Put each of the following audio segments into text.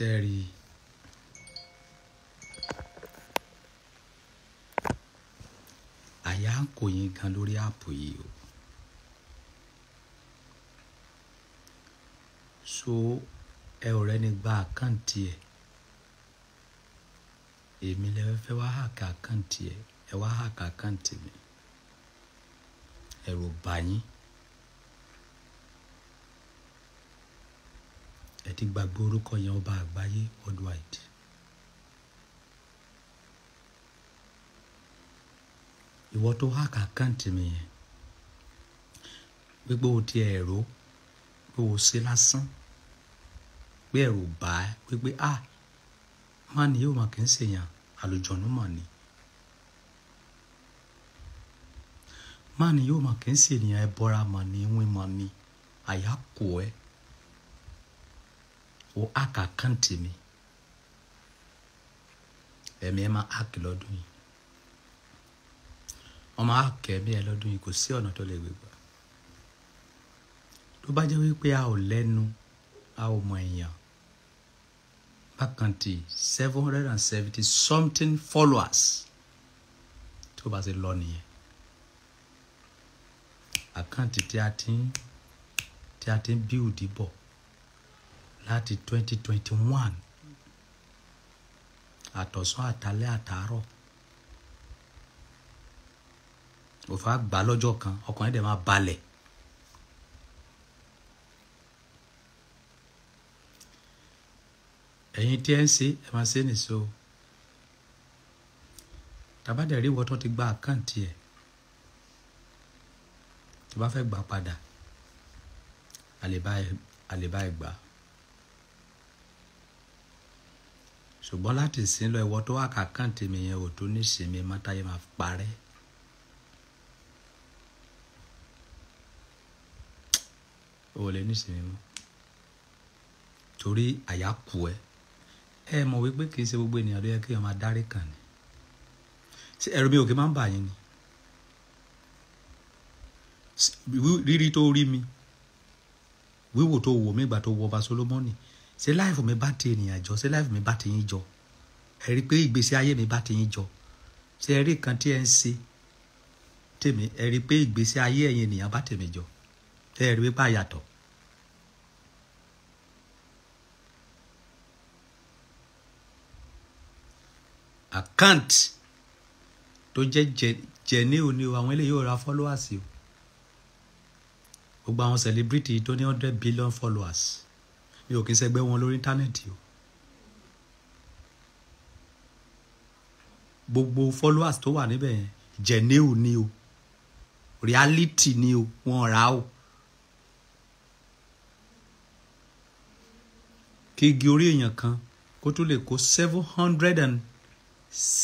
sẹ́rí àyà ń kò yín gan lórí àpò yìí o so ẹ ọ̀rẹ́ ni gba àkáǹtì ẹ̀ èmi lẹ fẹ́ wá hàkà àkáǹtì ẹ̀ ẹ wá hàkà àkáǹtì mi ẹ̀rù bà yín. ti gbàgbé orúkọ yẹn ọba àgbáyé worldwide. ìwọ tó hack account mi yẹn gbogbo o ti ẹ̀rọ o ṣe lásán pé baa bá ẹ a má ní yóò n ṣèyàn àlùjọ̀nú mà ní. má ní yóò n ẹ bọ́ra mà ní wín mà ní àyà ẹ. wo aka kante mi ẹ̀mìẹ́mà áàkì lọ́dún yìí ọmọ áàkì ẹ̀mí ẹ lọ́dún yìí kò sí ọ̀nà tó lè gbégbá tó bá jẹ́ wípé a ò lẹ́nu a ò mọ èèyàn bákan seven hundred and seventy something followers tó bá ti lọ nìyẹn àkáǹtì tí a ti ń tí a ti ń bíòdì bọ̀ láti twenty twenty one àtọ̀sán àtàlẹ́ àtàárọ̀ òfà gbà lọ́jọ́ kan ọkùnrin dẹ̀ máa balẹ̀. ẹ̀yin tí ẹ ń ṣe ẹ máa ṣe nìṣó tàbádẹ́rì wọ́tọ́ ti gba àkáǹtì ẹ̀ tó bá fẹ́ gbà padà àlèbá ẹ̀ gbà. ṣùgbọ́n láti sin lọ ìwọ tó wà kàkàǹtì mi yẹn ò tó ní sinmi mọ́tàyé máa parẹ́. o ò lè ní sinmi mọ́ torí àyà kù ẹ ẹ mọ̀ wípé kì í ṣe gbogbo ènìyàn ló yẹ kí èèyàn máa dárí kàn ní ṣé ẹ̀rù mi ò kí máa ń bà yín ni rírí tó rí mi wíwò tó wò mí ìgbà tó wọ ọba Solomoni ṣé láìfù mi bá ti ènìyàn jọ ṣé láìfù mi bá ti yín jọ ẹ rí i pé ìgbésí ayé mi bá ti yín jọ ṣé ẹ rí kan tí ẹ ń ṣe tèmi ẹ rí i pé ìgbésí ayé ẹ̀yin ènìyàn bá tèmi jọ ṣé ẹ rí i pé àyàtọ̀ account tó jẹ́ jẹ̀ní òní o àwọn eléyìí ò ra followers o gbogbo àwọn celebrity tó ní hundred billion followers mi ò kí ń ṣẹgbẹ́ wọn lórí íńtánẹ́ẹ̀tì o gbogbo followers tó wà níbẹ̀ yẹn jẹ̀nẹ́ò ni o reality ni o wọn rà o kéegi orí èèyàn kan kó tó lè kó seven hundred and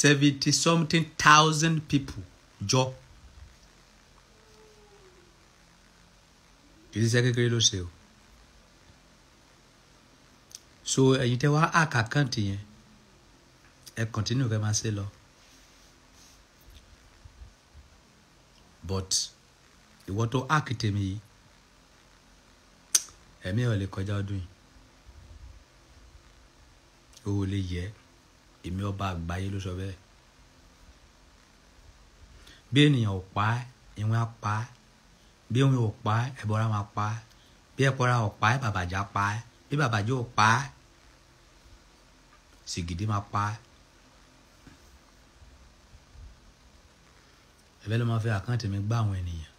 seventy something thousand people jọ kì í ṣe kékeré ló ṣe o so ẹ̀yin tẹ́ wá hack account yẹn ẹ continue kẹ́ máa ṣe lọ but ìwọ tó hack tèmi yìí ẹ̀mí ẹ̀ ò lè kọjá ọdún yìí ó lè yẹ èmi ọba àgbáyé ló sọ bẹ́ẹ̀ bí ènìyàn ò pa ìwọ̀n á pa bí òun ò pa ẹ̀bọra máa pa bí ẹ̀bọra ò pa bàbàjá pa bí bàbàjá ò pa sìgìdì ma pa á ẹ̀fẹ́ ló máa fi àkáǹtì mi gbá àwọn ènìyàn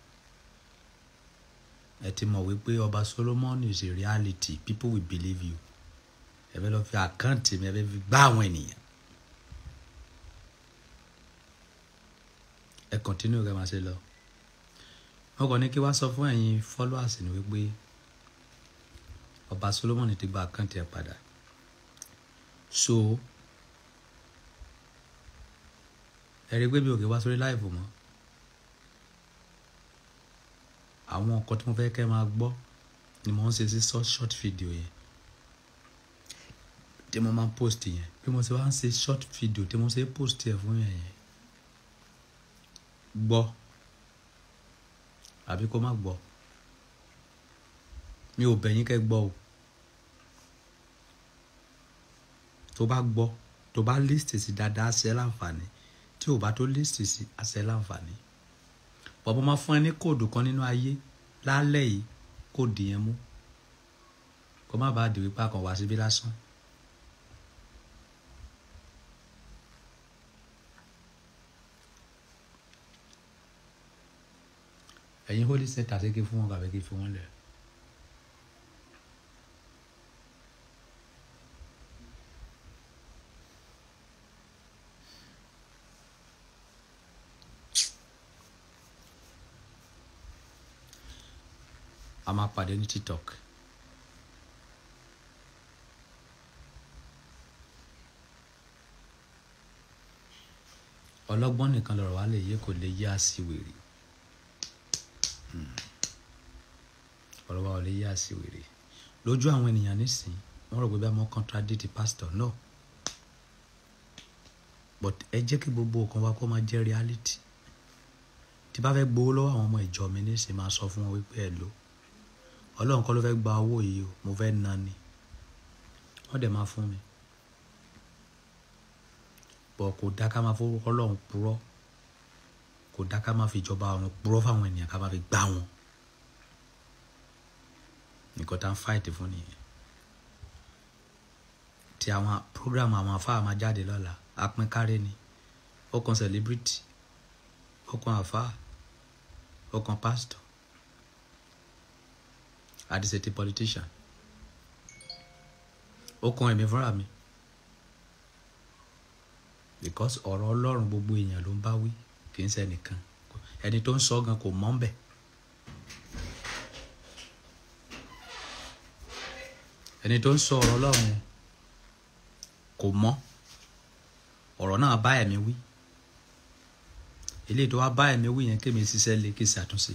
ẹ ti mọ̀ wípé ọba Solomon is a reality people will believe you ẹ̀fẹ́ ló fi àkáǹtì mi ẹ̀fẹ́ fi gbá àwọn ènìyàn ẹ continue kẹ́ máa ṣe lọ mo kàn ní kí wá sọ fún ẹ̀yin followers ni wípé ọba Solomon ti gba àkáǹtì ẹ̀ padà so ẹ rí i pé mi ò kí wá sórí láìfù mọ́ àwọn nǹkan tí mo fẹ́ kẹ́ máa gbọ́ ni mo ń ṣe sí short video yẹn tí mo máa ń post yẹn bí mo ṣe wá ń ṣe short video tí mo ṣe ń post yẹn fún yẹn yẹn gbọ́ àbí kó má gbọ́ mi ò bẹ̀yìn kẹ́ gbọ́ o. tó bá gbọ́ tó bá lísìtì sí dáadáa àṣẹ láǹfààní tí ò bá tó lísìtì sí àṣẹ láǹfààní. bàbá máa fún ẹ ní kóòdù kan nínú ayé lálẹ́ yìí kò dìyẹn mú kó má bàa di wípé a kàn wá síbí lásán. ẹ̀yin holy center ṣé kí fún wọn kàbẹ́ kí fún wọn lẹ̀. a máa pàdé ní tiktok. ọlọ́gbọ́n nìkan lọ̀rọ̀ wa lè yé kò lè yé àṣìwèrè hmm. ọ̀rọ̀ wa ò lè yé àṣìwèrè lójú àwọn ènìyàn nísìnyí wọ́n rò pé bá wọn contradict the pastor náà but ẹ jẹ́ kí gbogbo nǹkan wa kó máa jẹ́ reality tí bá fẹ́ gbowó lọ́wọ́ àwọn ọmọ ìjọ mi nísìnyí máa sọ fún wọn wípé ẹ lò ó ọlọ́run kọ́ ló fẹ́ gba owó yìí o mo fẹ́ na ni wọ́n dẹ̀ máa fún mi bọ̀ kò dá ká máa fowó ọlọ́run purọ́ kò dá ká máa fi ìjọba ọ̀run purọ́ fáwọn ènìyàn ká máa fi gbá wọn nǹkan tá ń fáìtì fún nìyẹn ti àwọn program àwọn àfáà máa jáde lọ́la apínkárẹ́ ni ọkàn celebrity ọkàn àfáà ọkàn pastor I is a politician. Ó kan èmi fúnra mi. Because ọ̀rọ̀ Ọlọ́run gbogbo èèyàn ló ń bá wí kì í ṣẹnìkan. Ẹni tó ń sọ gan kò mọ̀ ń bẹ̀. Ẹni tó ń sọ ọ̀rọ̀ Ọlọ́run kò mọ̀. Ọ̀rọ̀ náà bá ẹ̀mí wí. Eléyìí tó wá bá ẹ̀mí wí yẹn kémi ṣiṣẹ́ lé kí ṣàtúnṣe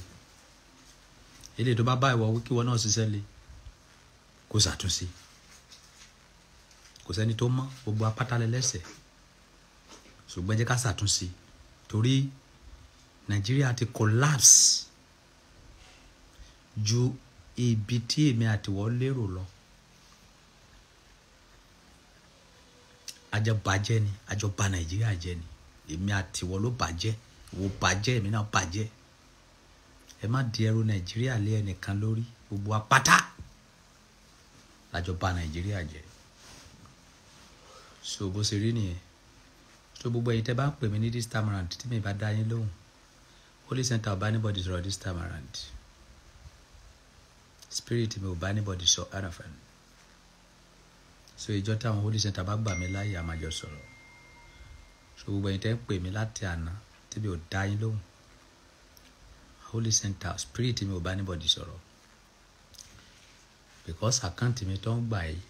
ilé tó bá bá ìwọ kíwọ náà ṣiṣẹ́ lé kó ṣàtúnṣe kò sẹ́ni tó mọ̀ gbogbo apátálẹ̀ lẹ́sẹ̀ ṣùgbọ́n jẹ́ ká ṣàtúnṣe torí nàìjíríà ti collapse ju ibi tí èmi àtiwọ́ lérò lọ. àjọ bàjẹ́ ni àjọ bà nàìjíríà jẹ́ ni èmi àtiwọ́ ló bàjẹ́ ìwọ bàjẹ́ èmi náà bàjẹ́ ẹ má di ẹrù nàìjíríà lé ẹnìkan lórí gbogbo apáta lájọ bà nàìjíríà jẹ́ so bó ṣe rí nìyẹn so gbogbo èyí tẹ́ bá ń pè mí ní this time around tí mi bá dá yín lóhùn holy center ò bá anybody sọ̀rọ̀ this time around spirit mi ò bá anybody sọ anafan so ìjọ táwọn holy center bá gbà mí láàyè àmàjọ sọ̀rọ̀ so gbogbo èyí tẹ́ ń pè mí láti àná tí mi ò dá yín lóhùn holy center spirit mi ò bá anybody sọ̀rọ̀ because account mi tó ń gbà yìí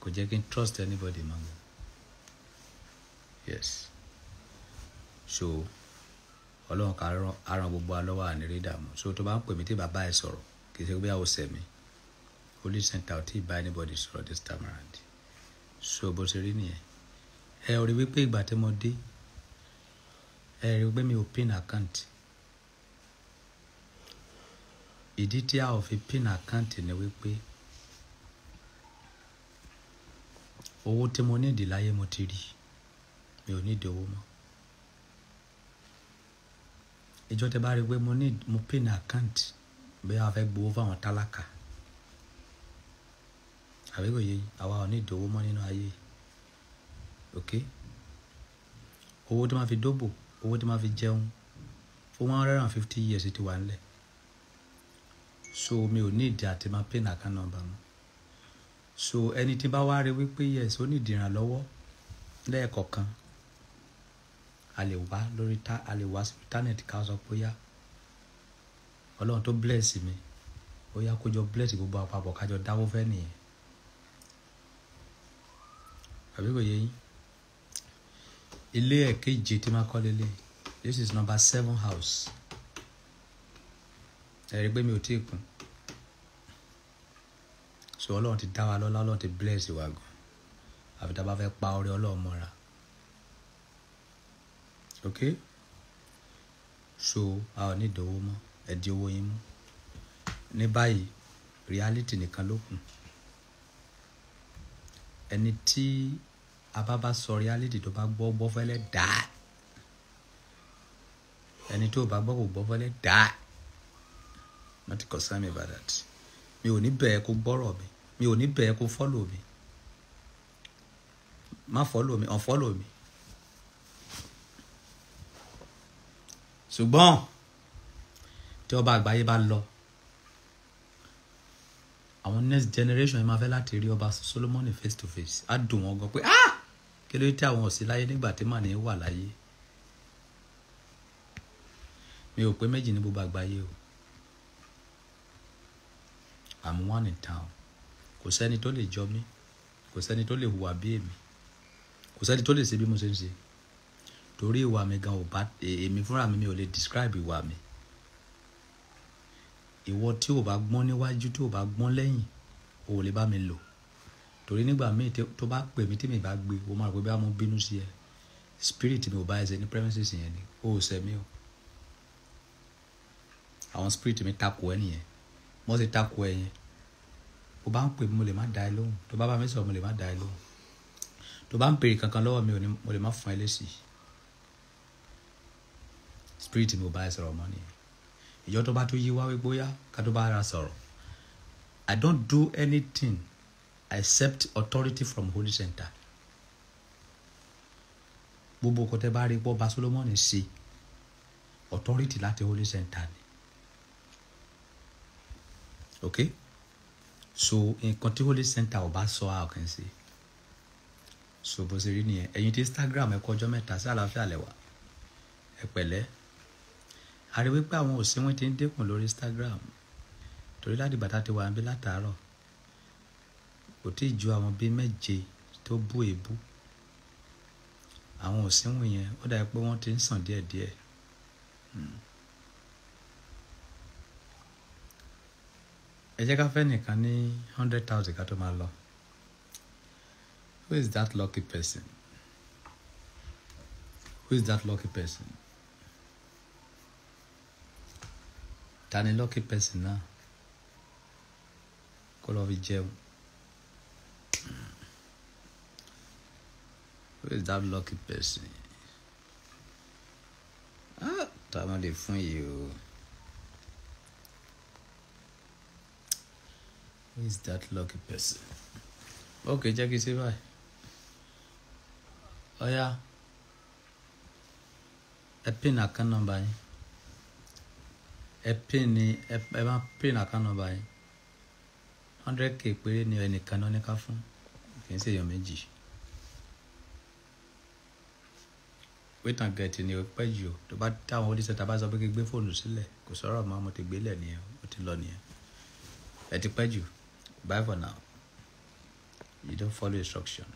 kò jẹ́ kí n trust anybody mọ́ yes so ọlọ́run ká aran gbogbo alọ́wọ́ àníre dààmú so tó bá ń pè mí tí bàbá ẹ sọ̀rọ̀ kì í ṣe pé àwọn ọ̀sẹ̀ mi holy center ò tí ì bá anybody sọ̀rọ̀ this time around so bó ṣe rí nìyẹn ẹ ò rí wípé ìgbà tí mo dé ẹ rí i pé mi ò pin account ìdí tí a ò fi pin account ni wípé owó tí mo nídìí láyé mo ti rí mi ò nídìí owó mọ́ ìjọ tẹ bá rí i pé mo ní mo pin account bí a fẹ́ gbowó fáwọn tálákà àbíkò yẹ àwa ò nídìí owó mọ́ nínú ayé ok owó tó máa fi dóbò owó tí máa fi jẹun fún one hundred and fifty years ti wà nílẹ̀ so mi ò ní ìdí àti máa pin account number mu so ẹni tí bá wá rí wípé yes ó ní ìdí ìrànlọ́wọ́ lẹ́ẹ̀kọ̀kan a lè wá lórí ta a lè wá sí internet ká sọ pé yá ọlọ́run tó bless mi ó yá kó jọ bless gbogbo àpapọ̀ ká jọ dáwọ́ fẹ́ nìyẹn àbí kò yẹ yín ilé ẹ̀kejì tí máa kọ́ lélẹ̀ this is number seven house ẹ̀rí pé mi ò tí ì kún so ọlọ́run ti dá wa lọ́lá ọlọ́run ti bless wa gan àfi tá a bá fẹ́ pa ọrẹ ọlọ́run mọ́ra ok so a ò ní ìdánwò mọ́ ẹ di owó yín mú ní báyìí reality nìkan ló kù ẹni tí ababa sọrí alédè tó bá gbọ́ gbọ́ fẹ́lẹ́ dáa ẹni tó bá gbọ́ kò gbọ́ fẹ́lẹ́ dáa not concern me about that mi ò ní bẹ̀ẹ́ kó gbọ́rọ̀ mi mi ò ní bẹ̀ẹ́ kó follow mi má follow mi unfollow mi ṣùgbọ́n tí ọba àgbáyé bá lọ àwọn next generation ẹ máa fẹ́ láti rí ọba Solomoni face to face á dùn wọ́n gan pé ah kí ló tí àwọn ò sí láyé nígbà tí màní wà láyé mi ò pé méjì ní gbogbo àgbáyé o I'm one in town kò sẹ́ni tó lè jọ mí kò sẹ́ni tó lè hùwà bí èmi kò sẹ́ni tó lè ṣe bí mo ṣe ń ṣe torí ìwà mi gan ò èmi fúnra mi mi ò lè describe ìwà mi ìwọ tí ò bá gbọ́n níwájú tí ò bá gbọ́n lẹ́yìn ò lè bá mi lò torí nígbà míì tó bá pè mí tí mi bá gbé o máa rò pé bí wọ́n bínú sí ẹ spirit mi ò bá ẹsẹ̀ ní premises yẹn ni o ò sẹ́mi o àwọn spirit mi takò ẹ nìyẹn wọ́n ti takò ẹ yẹn bó bá ń pè mí mo lè má dá ẹ lóhùn tó bá bá mi sọ̀rọ̀ mo lè má dá ẹ lóhùn tó bá ń pèrè kankan lọ́wọ́ mi ò ní mo lè má fún ẹ lésì spirit mi ò bá ẹ sọ̀rọ̀ mọ́ nìyẹn ìjọ tó bá tó yí wá wípé bóyá ká tó bá ara sọ̀rọ̀ I don't do anything accept authority from holy center gbogbo nǹkan tẹ́ bá rí pọ́ ba Solomon ṣe authority láti holy center ni ok so nǹkan tí holy center ò bá sọ a kàn ṣe so bó ṣe rí nìyẹn ẹ̀yin tí Instagram ẹ kọjọ́ mẹ́ta sí àlàáfíà lẹ́wà ẹ pẹ̀lẹ́ àrí wípé àwọn òsínwìn ti ń dínkù lórí Instagram torí ládìgbà tá a ti wà ń bí látàárọ̀ kò tí ì ju àwọn bíi méje tó bú èébú àwọn òsínwó yẹn ó dàbí pé wọ́n ti ń sàn díẹ̀díẹ̀ hmm. ẹ jẹ́ nìkan ní hundred thousand ká tó máa lọ who is that lucky person who is that lucky person ta ni lucky person náà kó lọ fi jẹun. who is that lucky person ah táwọn lè fún yìí o who is that lucky person Okay, jẹ́ kí n ṣe báyìí ọ̀ya ẹ pin account number yín ẹ pin ni ẹ bá pin account number yín hundred k péré ni ẹnìkan náà ní ká fún kì í ṣe èèyàn méjì. wait and get ni o pẹ́ jù o tó bá táwọn oníṣẹ́ tá a bá sọ pé kí n gbé fóònù sílẹ̀ kò sọ̀rọ̀ mọ́ mo ti gbélẹ̀ nìyẹn o ti lọ nìyẹn ẹ ti pẹ́ jù bye for now you don't follow instruction.